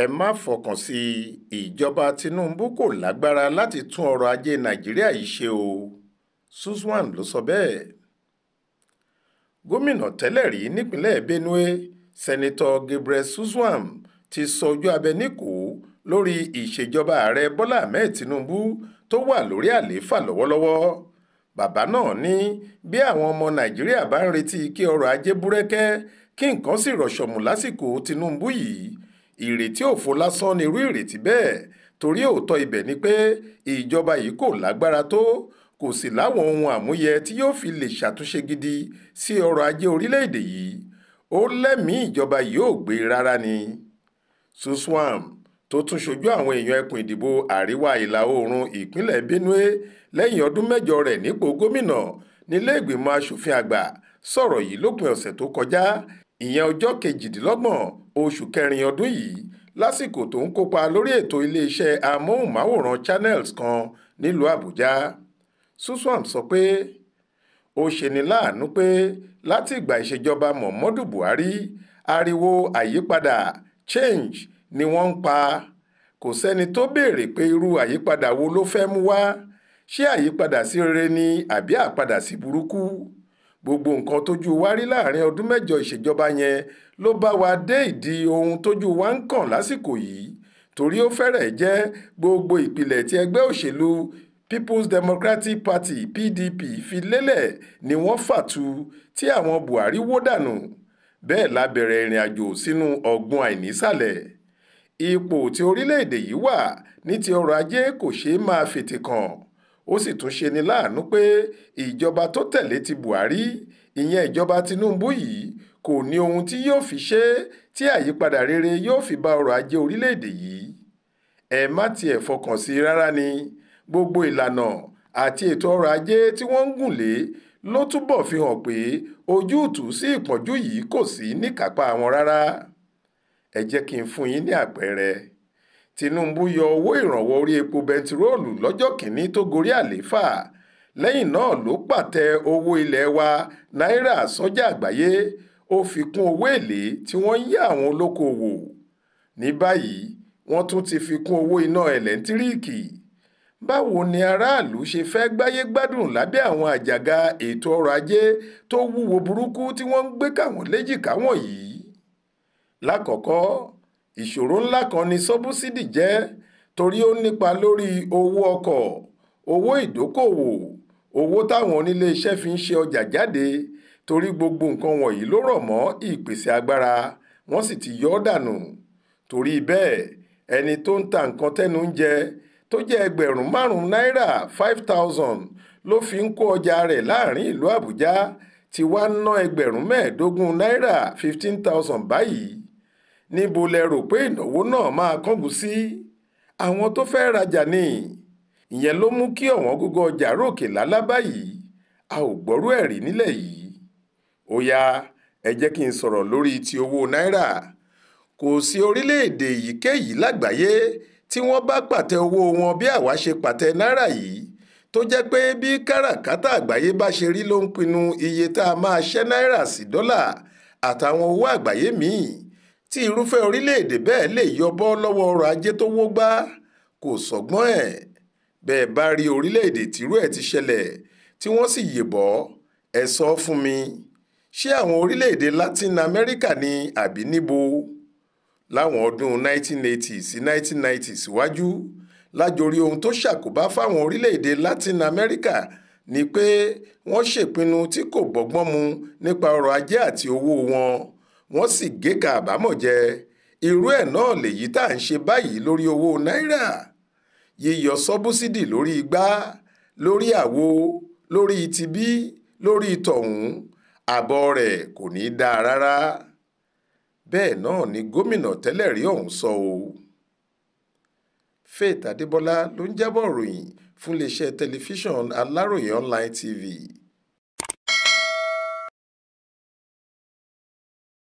ẹ má fọkàn sí i ìjọba Tinubu kò lágbára láti tún ọrọ̀ ajé Nàìjíríà yìí ṣe o Suswan ló sọ bẹ́ẹ̀ gómìnà tẹ́lẹ̀ rí nípínlẹ̀ Benue sẹ́nitọ́ Gabriel Suswan ti sọ ojú abẹ níkòó lórí ìṣèjọba ààrẹ Bọ́lá Ahmed Tinubu tó wà lórí àlééfà lọ́wọ́lọ́wọ́ bàbá náà ní bí àwọn ọmọ Nàìjíríà bá ń retí kí ọrọ̀ ajé búrẹ́kẹ́ kí nǹkan sì rọ̀ṣọ̀mù lásìkò Tinubu yìí ìrètí òfo lásán ni irú ìrètí bẹ́ẹ̀ torí òótọ́ ibẹ̀ ni pé ìjọba yìí kò lágbára tó kò sì láwọn ohun àmúyẹ tí yóò fi lè ṣàtúnṣe gidi sí ọrọ̀ ajé orílẹ̀-èdè yìí ó lẹ́mìí ìjọba yìí ò gbé rárá ni Suswam tó tún ṣojú àwọn èèyàn ẹkùn ìdìbò àríwá ìlà oòrùn ìpínlẹ̀ Benue lẹ́yìn ọdún mẹ́jọ rẹ̀ nípò gómìnà nílé ìgbìmọ̀ asòfin àgbà sọ̀rọ̀ yìí lópin ọ̀sẹ̀ tó kọjá ìyẹn ọjọ́ kejìdínlọ́gbọ̀n oṣù kẹrin ọdún yìí lásìkò tó ń kópa lórí ètò iléeṣẹ́ amóhùnmáwòrán channels kan nílùú àbújá suswam sọ pé ó ṣeni láàánú pé láti ìgbà ìṣèjọba muhammadu buhari ariwo àyípadà change ni wọ́n ń pa kò sẹ́ni tó béèrè pé irú àyípadà wo ló fẹ́ mú wá ṣé àyípadà sí rere ni àbí àpadà sí burúkú gbogbo nǹkan tójú wa rí láàrin ọdún mẹ́jọ ìṣèjọba yẹn ló bá wa dé ìdí ohun tójú wa ń kàn lásìkò yìí torí ó fẹ́rẹ̀ẹ́ jẹ́ gbogbo ìpìlẹ̀ tí ẹgbẹ́ òṣèlú People's Democratic Party PDP fi lélẹ̀ ni wọ́n fàtu tí àwọn Buhari wó dànù bẹ́ẹ̀ la ìrìn àjò sínú ọ̀gbun àìnísàlẹ̀ ipò tí orílẹ̀-èdè yìí wà ní ti ọrọ̀ ajé kò ṣeé máa fètè kàn ó sì tún ṣeni láàánú pé ìjọba tó tẹ̀lé ti buhari ìyẹn ìjọba tinubu yìí kò ní ohun tí yóò fi ṣe tí àyípadà rere yóò fi bá ọrọ̀ ajé orílẹ̀-èdè yìí ẹ má tiẹ̀ fọkàn sí i rárá ni gbogbo ìlànà àti ètò ọrọ̀ ajé tí wọ́n ń gùn lé ló túbọ̀ fi hàn pé ojútùú sí ìpọ́njú yìí kò sí níkápá wọn rárá ẹ jẹ́ kí n fún yín ní àpẹẹrẹ Tinubu yọ owó ìrànwọ́ orí epo bẹntiróòlù lọ́jọ́ kìíní tó gorí àlééfà lẹ́yìn náà ló pàtẹ owó ilẹ̀ wa náírà sọ́jà àgbáyé ó fi kún owó èlé tí wọ́n ń yá àwọn olókoòwò ní báyìí wọ́n tún ti fi kún owó iná ẹ̀lẹ́ńtíríìkì báwo ni aráàlú ṣe fẹ́ gbáyé gbádùn lábẹ́ àwọn àjàgà ètò ọrọ̀ ajé tó wúwo burúkú tí wọ́n ń gbé káwọn léjìká wọ̀nyí lákọ̀ọ́kọ́ ìṣòro ńlá kan ni sọ́búsídì jẹ́ torí ó nípa lórí owó ọkọ̀ owó ìdókòwò owó táwọn oníléeṣẹ́ fi ń ṣe ọjà jáde torí gbogbo nǹkan wọ̀nyí ló rọ̀ mọ́ ìpèsè agbára wọ́n sì ti yọ ọ́ dànù torí bẹ́ẹ̀ ẹni tó ń ta nǹkan tẹ́nu ń jẹ tó jẹ́ ẹgbẹ̀rún márùn-ún náírà five thousand ló fi ń kó ọjà rẹ̀ láàrin ìlú Àbújá ti wá ń ná ẹgbẹ̀rún mẹ́ẹ̀ẹ́dógún náírà fifteen thousand báyìí níbo lẹ rò pé ìnáwó náà máa kángun sí àwọn tó fẹ́ rajà ni ìyẹn ló mú kí ọ̀wọ́n gógó ọjà ròkè lálá báyìí a ò gbọ́rú ẹ̀rí nílẹ̀ yìí ó yá ẹ jẹ́ kí n sọ̀rọ̀ lórí ti owó náírà kò sí orílẹ̀-èdè èyíkéyìí lágbàáyé tí wọ́n bá pàtẹ owó wọn bí àwa ṣe pàtẹ náírà yìí tó jẹ́ pé bí káràkátà àgbáyé bá ṣe rí ló ń pinnu iye tá a máa ṣẹ́ náírà sí dọ́là àtàwọn owó àgbáyé míì tí irúfẹ́ orílẹ̀-èdè bẹ́ẹ̀ lè yọbọ́ lọ́wọ́ ọrọ̀ ajé tó wó gbá kò sọ́gbọ́n ẹ̀ bẹ́ẹ̀ bá rí orílẹ̀-èdè tírú ẹ̀ ti ṣẹlẹ̀ tí wọ́n sì yèbọ́ ẹ sọ fún mi ṣé àwọn orílẹ̀-èdè Latin America ni àbí níbo láwọn ọdún 1980 sí 1990 síwájú lájorí ohun tó ṣàkóbá fáwọn orílẹ̀-èdè Latin America ni pé wọ́n ṣèpinnu tí kò bọ́gbọ́n mu nípa ọrọ̀ ajé àti owó wọn wọ́n sì géka àbámọ̀ jẹ irú ẹ̀ náà lèyí tá à ń ṣe báyìí lórí owó náírà yíyọ sọ́búsídì lórí igbá lórí àwo lórí tibí lórí tọ̀hún àbọ̀ rẹ̀ kò ní í dáa rárá bẹ́ẹ̀ náà ni gómìnà tẹ́lẹ̀ rí ọ̀hún sọ o. Faith Adébọlá ló ń jábọ̀ ròyìn fún iléeṣẹ́ tẹlifíṣàn Aláròyé online TV.